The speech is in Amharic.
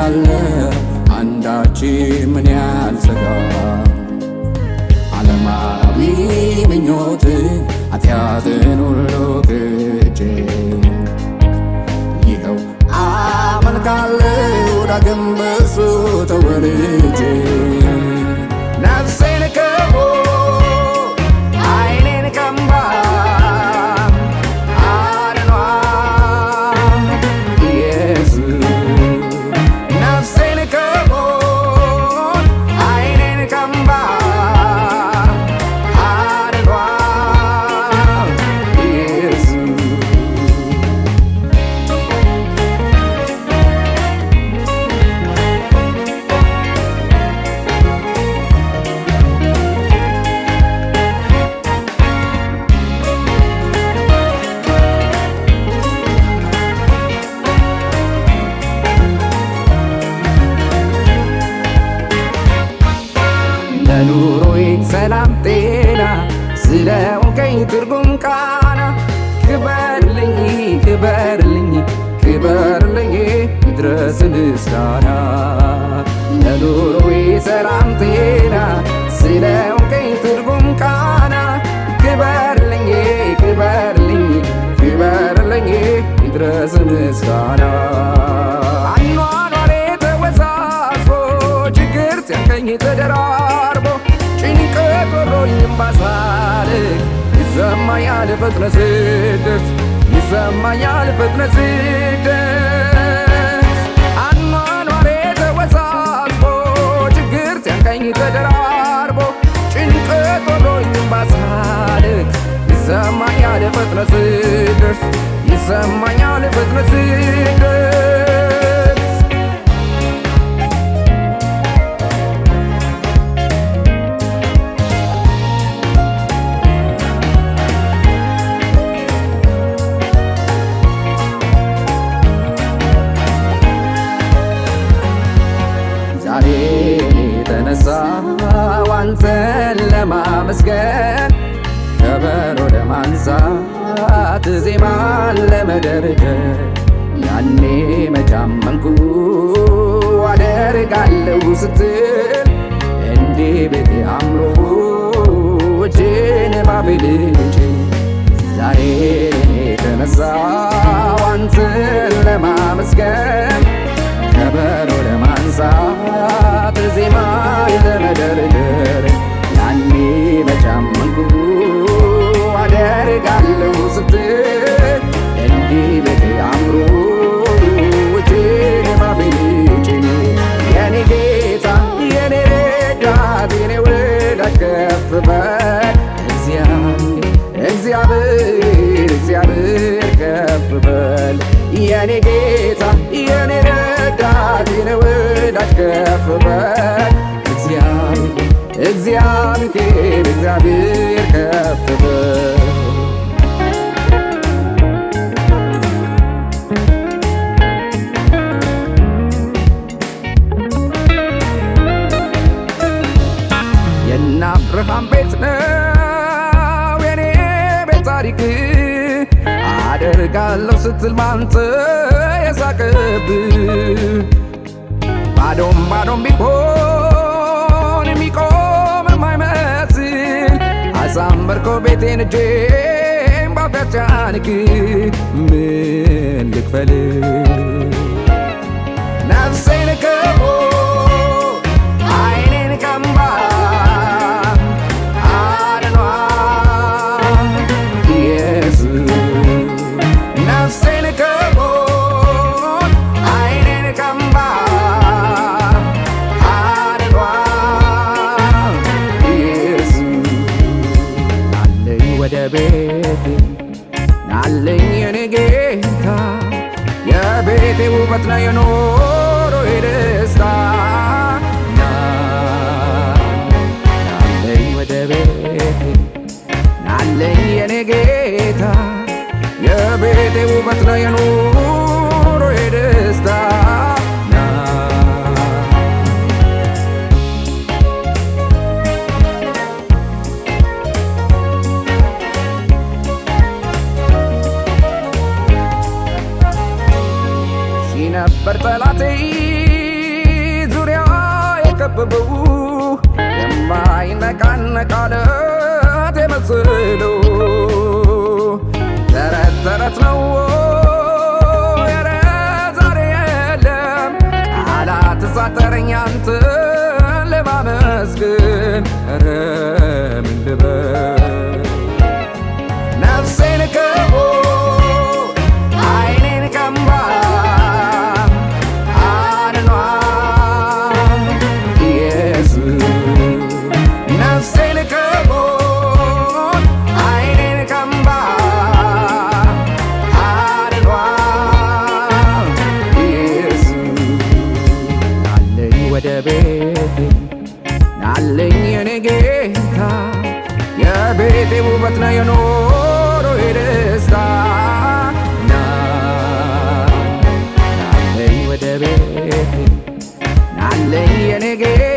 ካለ አንዳች ምን ያልጸጋ አለማዊ ምኞትን አትያትን ሁሉ ክጄ ሰላም ጤና ስለ ወቀኝ ትርጉም ቃና ክበርልኝ ክበርልኝ ክበርልኝ ይድረስ ምስጋና ለኑሮዬ ሰላም ጤና ስለ ትርጉም ቃና ክበርልኝ ክበርልኝ ክበርልኝ ይድረስ ምስጋና አኗኗሬ ተወሳሶ ችግር ሲያገኝ ተደራ ባሳልቅ ይሰማኛል ፍጥነት ስደት ይሰማኛል ፍጥነት ስደት አኗኗሬ ተወሳስቦ ችግር ሲያንቀኝ ተደራርቦ ጭንቀት ወሎኝም ባሳልቅ ይሰማኛል ስደት ይሰማኛል ስደት ለማንሳት ዜማን ለመደርደር ያኔ መቻመንኩ አደርጋለሁ ስትል እንዴ ቤቴ አምሮ እጄን ማብልጭ ዛሬ የተነሳው አንተን ለማመስገን ከበሮ ለማንሳት ዜማ ለመደርደር ሲለው ስትል እንዲህ ቤቴ አምሮ ውጭ የኔ ጌታ የኔ ረዳት የኔ ወዳጅ ከፍ በል እግዚአብሔር እግዚአብሔር ከፍ በል የኔ ጌታ የኔ ረዳት የኔ ወዳጅ ከፍ በል እግዚአብሔር እግዚአብሔር የእነ አብርሃም ቤት ነው የኔ ቤት ታሪክ አደርጋለሁ ስትል ባዶም ባዶም ቢሆን የሚቆም የማይመስል አሳመርከው ቤቴን እጄም ባፊያቻንክ ምን ልክፈል ነፍሴን te ubat na yano ነበር ጠላቴ ዙሪያ የከበበው የማይነቃነቅ አለት የመሰለው ተረት ተረት ነው የረ ዛሬ የለም ቃላት ለማመስግን አንተን ለማመስገን የቤቴ ውበት ነው የኖሮ ደስታ ናለኝ ወደ ቤቴ ናለኝ የኔ ጌታ